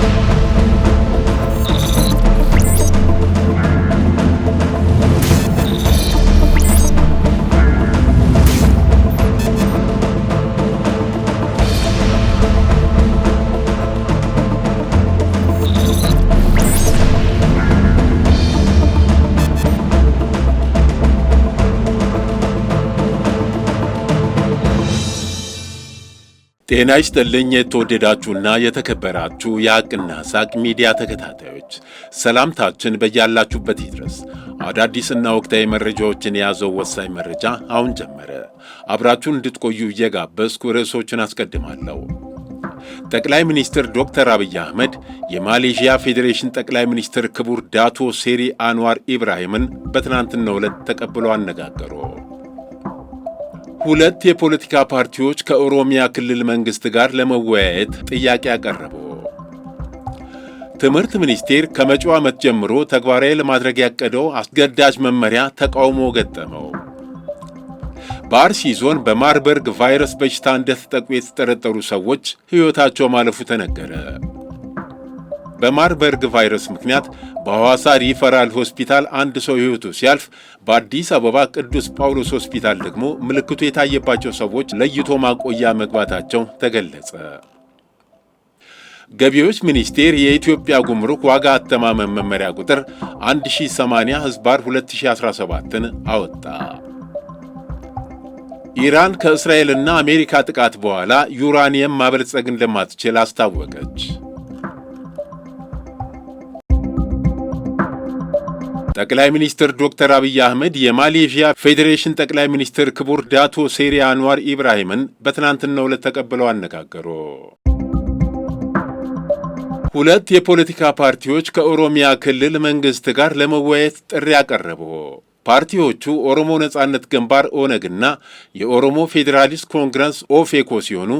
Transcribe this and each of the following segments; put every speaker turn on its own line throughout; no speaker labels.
Thank you. ጤና ይስጥልኝ የተወደዳችሁና የተከበራችሁ የአቅና ሳቅ ሚዲያ ተከታታዮች፣ ሰላምታችን በያላችሁበት ይድረስ። አዳዲስና ወቅታዊ መረጃዎችን የያዘው ወሳኝ መረጃ አሁን ጀመረ። አብራችሁን እንድትቆዩ እየጋበዝኩ ርዕሶችን አስቀድማለሁ። ጠቅላይ ሚኒስትር ዶክተር አብይ አህመድ የማሌዥያ ፌዴሬሽን ጠቅላይ ሚኒስትር ክቡር ዳቶ ሴሪ አንዋር ኢብራሂምን በትናንትናው ዕለት ተቀብሎ አነጋገሩ። ሁለት የፖለቲካ ፓርቲዎች ከኦሮሚያ ክልል መንግሥት ጋር ለመወያየት ጥያቄ አቀረቡ። ትምህርት ሚኒስቴር ከመጪው ዓመት ጀምሮ ተግባራዊ ለማድረግ ያቀደው አስገዳጅ መመሪያ ተቃውሞ ገጠመው። በአርሲ ዞን በማርበርግ ቫይረስ በሽታ እንደተጠቁ የተጠረጠሩ ሰዎች ሕይወታቸው ማለፉ ተነገረ። በማርበርግ ቫይረስ ምክንያት በሐዋሳ ሪፈራል ሆስፒታል አንድ ሰው ሕይወቱ ሲያልፍ በአዲስ አበባ ቅዱስ ጳውሎስ ሆስፒታል ደግሞ ምልክቱ የታየባቸው ሰዎች ለይቶ ማቆያ መግባታቸው ተገለጸ። ገቢዎች ሚኒስቴር የኢትዮጵያ ጉምሩክ ዋጋ አተማመን መመሪያ ቁጥር 1080 ህዝባር 2017ን አወጣ። ኢራን ከእስራኤልና አሜሪካ ጥቃት በኋላ ዩራኒየም ማበልጸግ እንደማትችል አስታወቀች። ጠቅላይ ሚኒስትር ዶክተር አብይ አህመድ የማሌዥያ ፌዴሬሽን ጠቅላይ ሚኒስትር ክቡር ዳቶ ሴሪ አንዋር ኢብራሂምን በትናንትናው ዕለት ተቀብለው አነጋገሩ። ሁለት የፖለቲካ ፓርቲዎች ከኦሮሚያ ክልል መንግስት ጋር ለመወያየት ጥሪ አቀረቡ። ፓርቲዎቹ ኦሮሞ ነጻነት ግንባር ኦነግና የኦሮሞ ፌዴራሊስት ኮንግረስ ኦፌኮ ሲሆኑ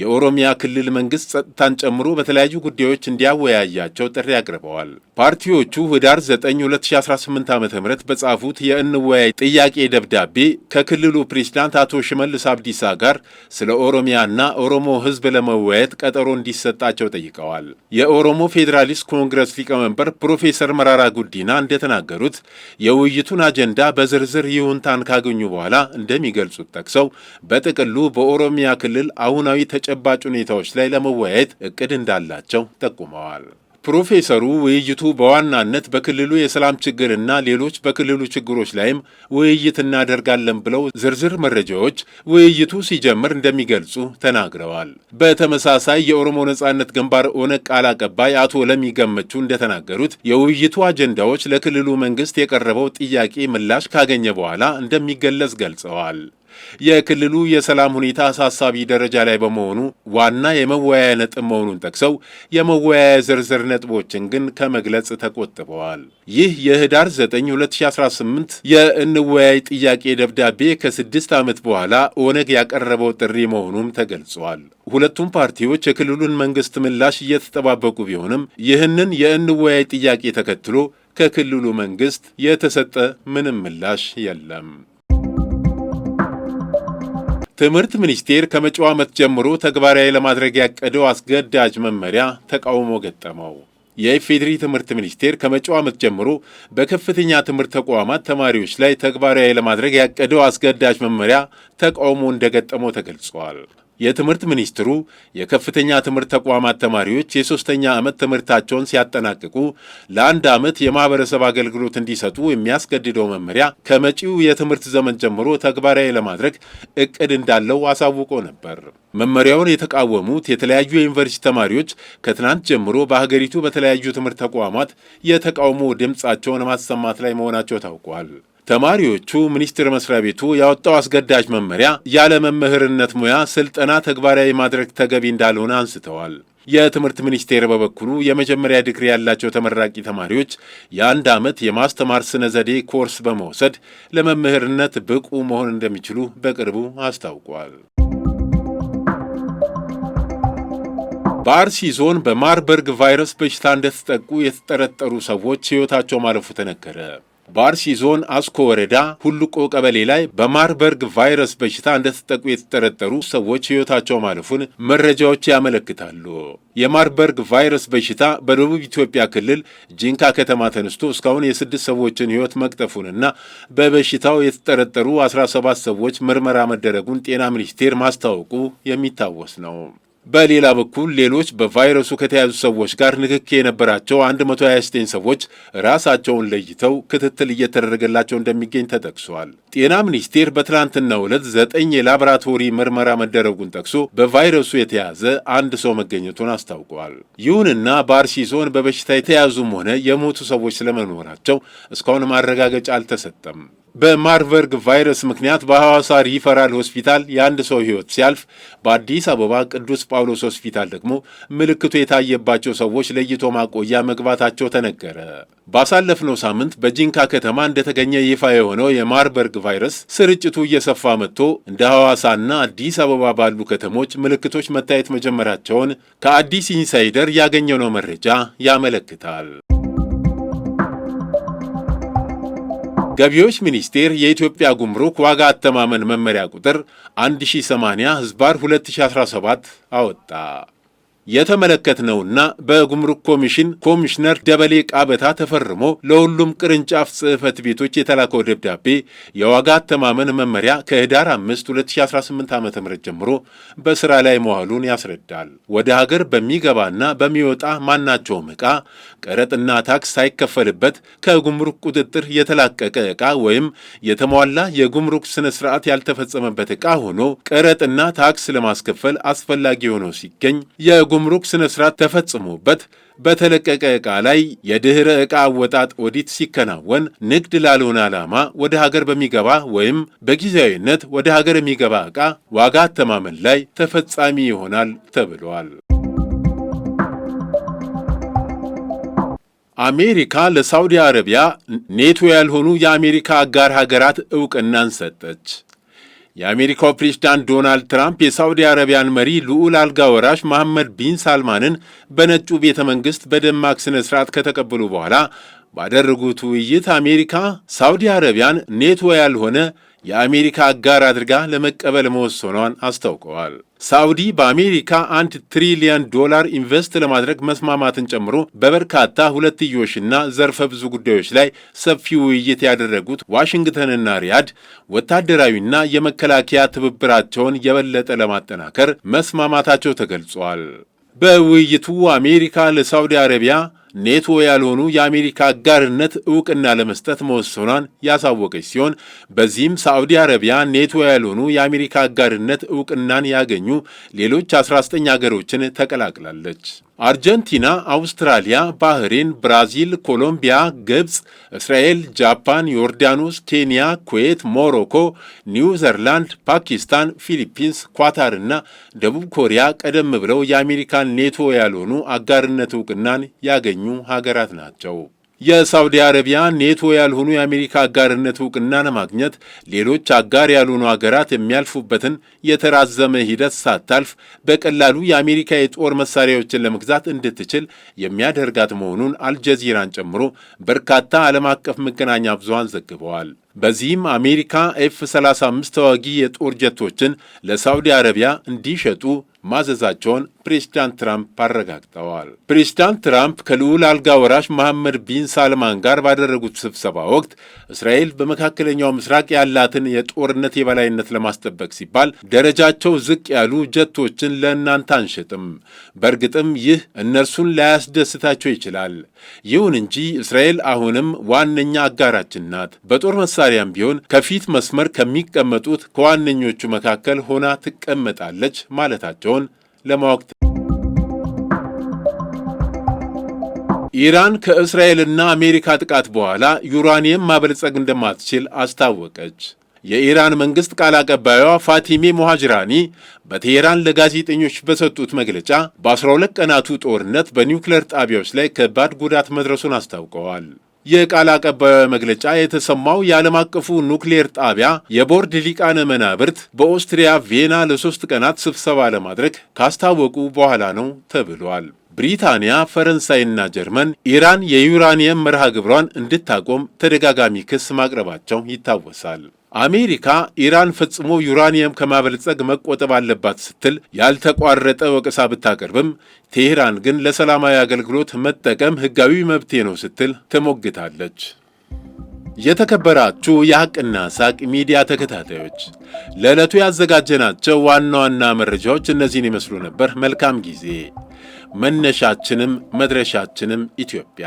የኦሮሚያ ክልል መንግስት ጸጥታን ጨምሮ በተለያዩ ጉዳዮች እንዲያወያያቸው ጥሪ አቅርበዋል። ፓርቲዎቹ ህዳር 9 2018 ዓ ም በጻፉት የእንወያይ ጥያቄ ደብዳቤ ከክልሉ ፕሬዝዳንት አቶ ሽመልስ አብዲሳ ጋር ስለ ኦሮሚያና ኦሮሞ ህዝብ ለመወያየት ቀጠሮ እንዲሰጣቸው ጠይቀዋል። የኦሮሞ ፌዴራሊስት ኮንግረስ ሊቀመንበር ፕሮፌሰር መራራ ጉዲና እንደተናገሩት የውይይቱን አጀንዳ በዝርዝር ይሁንታን ካገኙ በኋላ እንደሚገልጹት ጠቅሰው በጥቅሉ በኦሮሚያ ክልል አሁናዊ ተጨባጭ ሁኔታዎች ላይ ለመወያየት እቅድ እንዳላቸው ጠቁመዋል። ፕሮፌሰሩ ውይይቱ በዋናነት በክልሉ የሰላም ችግርና ሌሎች በክልሉ ችግሮች ላይም ውይይት እናደርጋለን ብለው ዝርዝር መረጃዎች ውይይቱ ሲጀምር እንደሚገልጹ ተናግረዋል። በተመሳሳይ የኦሮሞ ነጻነት ግንባር ኦነግ ቃል አቀባይ አቶ ለሚገመቹ እንደተናገሩት የውይይቱ አጀንዳዎች ለክልሉ መንግስት የቀረበው ጥያቄ ምላሽ ካገኘ በኋላ እንደሚገለጽ ገልጸዋል። የክልሉ የሰላም ሁኔታ አሳሳቢ ደረጃ ላይ በመሆኑ ዋና የመወያያ ነጥብ መሆኑን ጠቅሰው የመወያያ ዝርዝር ነጥቦችን ግን ከመግለጽ ተቆጥበዋል። ይህ የህዳር 9 2018 የእንወያይ ጥያቄ ደብዳቤ ከስድስት ዓመት በኋላ ኦነግ ያቀረበው ጥሪ መሆኑም ተገልጿል። ሁለቱም ፓርቲዎች የክልሉን መንግስት ምላሽ እየተጠባበቁ ቢሆንም ይህንን የእንወያይ ጥያቄ ተከትሎ ከክልሉ መንግስት የተሰጠ ምንም ምላሽ የለም። ትምህርት ሚኒስቴር ከመጪው ዓመት ጀምሮ ተግባራዊ ለማድረግ ያቀደው አስገዳጅ መመሪያ ተቃውሞ ገጠመው። የኢፌዴሪ ትምህርት ሚኒስቴር ከመጪው ዓመት ጀምሮ በከፍተኛ ትምህርት ተቋማት ተማሪዎች ላይ ተግባራዊ ለማድረግ ያቀደው አስገዳጅ መመሪያ ተቃውሞ እንደገጠመው ተገልጿል። የትምህርት ሚኒስትሩ የከፍተኛ ትምህርት ተቋማት ተማሪዎች የሦስተኛ ዓመት ትምህርታቸውን ሲያጠናቅቁ ለአንድ ዓመት የማኅበረሰብ አገልግሎት እንዲሰጡ የሚያስገድደው መመሪያ ከመጪው የትምህርት ዘመን ጀምሮ ተግባራዊ ለማድረግ እቅድ እንዳለው አሳውቆ ነበር። መመሪያውን የተቃወሙት የተለያዩ የዩኒቨርሲቲ ተማሪዎች ከትናንት ጀምሮ በሀገሪቱ በተለያዩ ትምህርት ተቋማት የተቃውሞ ድምፃቸውን ማሰማት ላይ መሆናቸው ታውቋል። ተማሪዎቹ ሚኒስቴር መስሪያ ቤቱ ያወጣው አስገዳጅ መመሪያ ያለ መምህርነት ሙያ ስልጠና ተግባራዊ ማድረግ ተገቢ እንዳልሆነ አንስተዋል። የትምህርት ሚኒስቴር በበኩሉ የመጀመሪያ ዲግሪ ያላቸው ተመራቂ ተማሪዎች የአንድ ዓመት የማስተማር ስነ ዘዴ ኮርስ በመውሰድ ለመምህርነት ብቁ መሆን እንደሚችሉ በቅርቡ አስታውቋል። በአርሲ ዞን በማርበርግ ቫይረስ በሽታ እንደተጠቁ የተጠረጠሩ ሰዎች ሕይወታቸው ማለፉ ተነገረ። በአርሲ ዞን አስኮ ወረዳ ሁሉቆ ቀበሌ ላይ በማርበርግ ቫይረስ በሽታ እንደተጠቁ የተጠረጠሩ ሰዎች ሕይወታቸው ማለፉን መረጃዎች ያመለክታሉ። የማርበርግ ቫይረስ በሽታ በደቡብ ኢትዮጵያ ክልል ጂንካ ከተማ ተነስቶ እስካሁን የስድስት ሰዎችን ሕይወት መቅጠፉንና በበሽታው የተጠረጠሩ 17 ሰዎች ምርመራ መደረጉን ጤና ሚኒስቴር ማስታወቁ የሚታወስ ነው። በሌላ በኩል ሌሎች በቫይረሱ ከተያዙ ሰዎች ጋር ንክክ የነበራቸው 129 ሰዎች ራሳቸውን ለይተው ክትትል እየተደረገላቸው እንደሚገኝ ተጠቅሷል። ጤና ሚኒስቴር በትላንትናው ዕለት ዘጠኝ የላቦራቶሪ ምርመራ መደረጉን ጠቅሶ በቫይረሱ የተያዘ አንድ ሰው መገኘቱን አስታውቋል። ይሁንና በአርሲ ዞን በበሽታ የተያዙም ሆነ የሞቱ ሰዎች ስለመኖራቸው እስካሁን ማረጋገጫ አልተሰጠም። በማርበርግ ቫይረስ ምክንያት በሐዋሳ ሪፈራል ሆስፒታል የአንድ ሰው ሕይወት ሲያልፍ በአዲስ አበባ ቅዱስ ጳውሎስ ሆስፒታል ደግሞ ምልክቱ የታየባቸው ሰዎች ለይቶ ማቆያ መግባታቸው ተነገረ። ባሳለፍነው ሳምንት በጂንካ ከተማ እንደተገኘ ይፋ የሆነው የማርበርግ ቫይረስ ስርጭቱ እየሰፋ መጥቶ እንደ ሐዋሳና አዲስ አበባ ባሉ ከተሞች ምልክቶች መታየት መጀመራቸውን ከአዲስ ኢንሳይደር ያገኘነው መረጃ ያመለክታል። ገቢዎች ሚኒስቴር የኢትዮጵያ ጉምሩክ ዋጋ አተማመን መመሪያ ቁጥር 1080 ህዝባር 2017 አወጣ። የተመለከትነውና በጉምሩክ ኮሚሽን ኮሚሽነር ደበሌ ቃበታ ተፈርሞ ለሁሉም ቅርንጫፍ ጽህፈት ቤቶች የተላከው ደብዳቤ የዋጋ አተማመን መመሪያ ከህዳር 5 2018 ዓ ም ጀምሮ በስራ ላይ መዋሉን ያስረዳል። ወደ ሀገር በሚገባና በሚወጣ ማናቸውም ዕቃ ቀረጥና ታክስ ሳይከፈልበት ከጉምሩክ ቁጥጥር የተላቀቀ ዕቃ ወይም የተሟላ የጉምሩክ ስነ ስርዓት ያልተፈጸመበት ዕቃ ሆኖ ቀረጥና ታክስ ለማስከፈል አስፈላጊ ሆኖ ሲገኝ የጉምሩክ ሥነ ሥርዓት ተፈጽሞበት በተለቀቀ ዕቃ ላይ የድኅረ ዕቃ አወጣጥ ኦዲት ሲከናወን ንግድ ላልሆነ ዓላማ ወደ ሀገር በሚገባ ወይም በጊዜያዊነት ወደ ሀገር የሚገባ ዕቃ ዋጋ አተማመን ላይ ተፈጻሚ ይሆናል ተብሏል። አሜሪካ ለሳውዲ አረቢያ ኔቶ ያልሆኑ የአሜሪካ አጋር ሀገራት ዕውቅናን ሰጠች። የአሜሪካው ፕሬዝዳንት ዶናልድ ትራምፕ የሳውዲ አረቢያን መሪ ልዑል አልጋ ወራሽ መሐመድ ቢን ሳልማንን በነጩ ቤተ መንግሥት በደማቅ ሥነ ሥርዓት ከተቀበሉ በኋላ ባደረጉት ውይይት አሜሪካ ሳውዲ አረቢያን ኔቶ ያልሆነ የአሜሪካ አጋር አድርጋ ለመቀበል መወሰኗን አስታውቀዋል። ሳውዲ በአሜሪካ አንድ ትሪሊየን ዶላር ኢንቨስት ለማድረግ መስማማትን ጨምሮ በበርካታ ሁለትዮሽና ዘርፈ ብዙ ጉዳዮች ላይ ሰፊ ውይይት ያደረጉት ዋሽንግተንና ሪያድ ወታደራዊና የመከላከያ ትብብራቸውን የበለጠ ለማጠናከር መስማማታቸው ተገልጿል። በውይይቱ አሜሪካ ለሳውዲ አረቢያ ኔቶ ያልሆኑ የአሜሪካ አጋርነት እውቅና ለመስጠት መወሰኗን ያሳወቀች ሲሆን በዚህም ሳዑዲ አረቢያ ኔቶ ያልሆኑ የአሜሪካ አጋርነት እውቅናን ያገኙ ሌሎች 19 አገሮችን ተቀላቅላለች። አርጀንቲና፣ አውስትራሊያ፣ ባህሬን፣ ብራዚል፣ ኮሎምቢያ፣ ግብፅ፣ እስራኤል፣ ጃፓን፣ ዮርዳኖስ፣ ኬንያ፣ ኩዌት፣ ሞሮኮ፣ ኒውዘርላንድ፣ ፓኪስታን፣ ፊሊፒንስ፣ ኳታር እና ደቡብ ኮሪያ ቀደም ብለው የአሜሪካን ኔቶ ያልሆኑ አጋርነት እውቅናን ያገኙ ሀገራት ናቸው። የሳውዲ አረቢያ ኔቶ ያልሆኑ የአሜሪካ አጋርነት እውቅና ለማግኘት ሌሎች አጋር ያልሆኑ አገራት የሚያልፉበትን የተራዘመ ሂደት ሳታልፍ በቀላሉ የአሜሪካ የጦር መሳሪያዎችን ለመግዛት እንድትችል የሚያደርጋት መሆኑን አልጀዚራን ጨምሮ በርካታ ዓለም አቀፍ መገናኛ ብዙሃን ዘግበዋል። በዚህም አሜሪካ ኤፍ 35 ተዋጊ የጦር ጀቶችን ለሳውዲ አረቢያ እንዲሸጡ ማዘዛቸውን ፕሬዚዳንት ትራምፕ አረጋግጠዋል። ፕሬዚዳንት ትራምፕ ከልዑል አልጋ ወራሽ መሐመድ ቢን ሳልማን ጋር ባደረጉት ስብሰባ ወቅት እስራኤል በመካከለኛው ምስራቅ ያላትን የጦርነት የበላይነት ለማስጠበቅ ሲባል ደረጃቸው ዝቅ ያሉ ጀቶችን ለእናንተ አንሸጥም፣ በእርግጥም ይህ እነርሱን ላያስደስታቸው ይችላል። ይሁን እንጂ እስራኤል አሁንም ዋነኛ አጋራችን ናት። በጦር መሳ መሳሪያም ቢሆን ከፊት መስመር ከሚቀመጡት ከዋነኞቹ መካከል ሆና ትቀመጣለች ማለታቸውን ለማወቅ ኢራን ከእስራኤልና አሜሪካ ጥቃት በኋላ ዩራኒየም ማበልጸግ እንደማትችል አስታወቀች። የኢራን መንግሥት ቃል አቀባዩዋ ፋቲሜ ሞሃጅራኒ በቴሄራን ለጋዜጠኞች በሰጡት መግለጫ በ12 ቀናቱ ጦርነት በኒውክሌር ጣቢያዎች ላይ ከባድ ጉዳት መድረሱን አስታውቀዋል። የቃል አቀባዩ መግለጫ የተሰማው የዓለም አቀፉ ኑክሌር ጣቢያ የቦርድ ሊቃነ መናብርት በኦስትሪያ ቪየና ለሶስት ቀናት ስብሰባ ለማድረግ ካስታወቁ በኋላ ነው ተብሏል። ብሪታንያ፣ ፈረንሳይና ጀርመን ኢራን የዩራኒየም መርሃ ግብሯን እንድታቆም ተደጋጋሚ ክስ ማቅረባቸው ይታወሳል። አሜሪካ ኢራን ፈጽሞ ዩራኒየም ከማበልጸግ መቆጠብ አለባት ስትል ያልተቋረጠ ወቀሳ ብታቀርብም ቴሄራን ግን ለሰላማዊ አገልግሎት መጠቀም ሕጋዊ መብቴ ነው ስትል ትሞግታለች። የተከበራችሁ የሐቅና ሳቅ ሚዲያ ተከታታዮች ለዕለቱ ያዘጋጀናቸው ዋና ዋና መረጃዎች እነዚህን ይመስሉ ነበር። መልካም ጊዜ። መነሻችንም መድረሻችንም ኢትዮጵያ።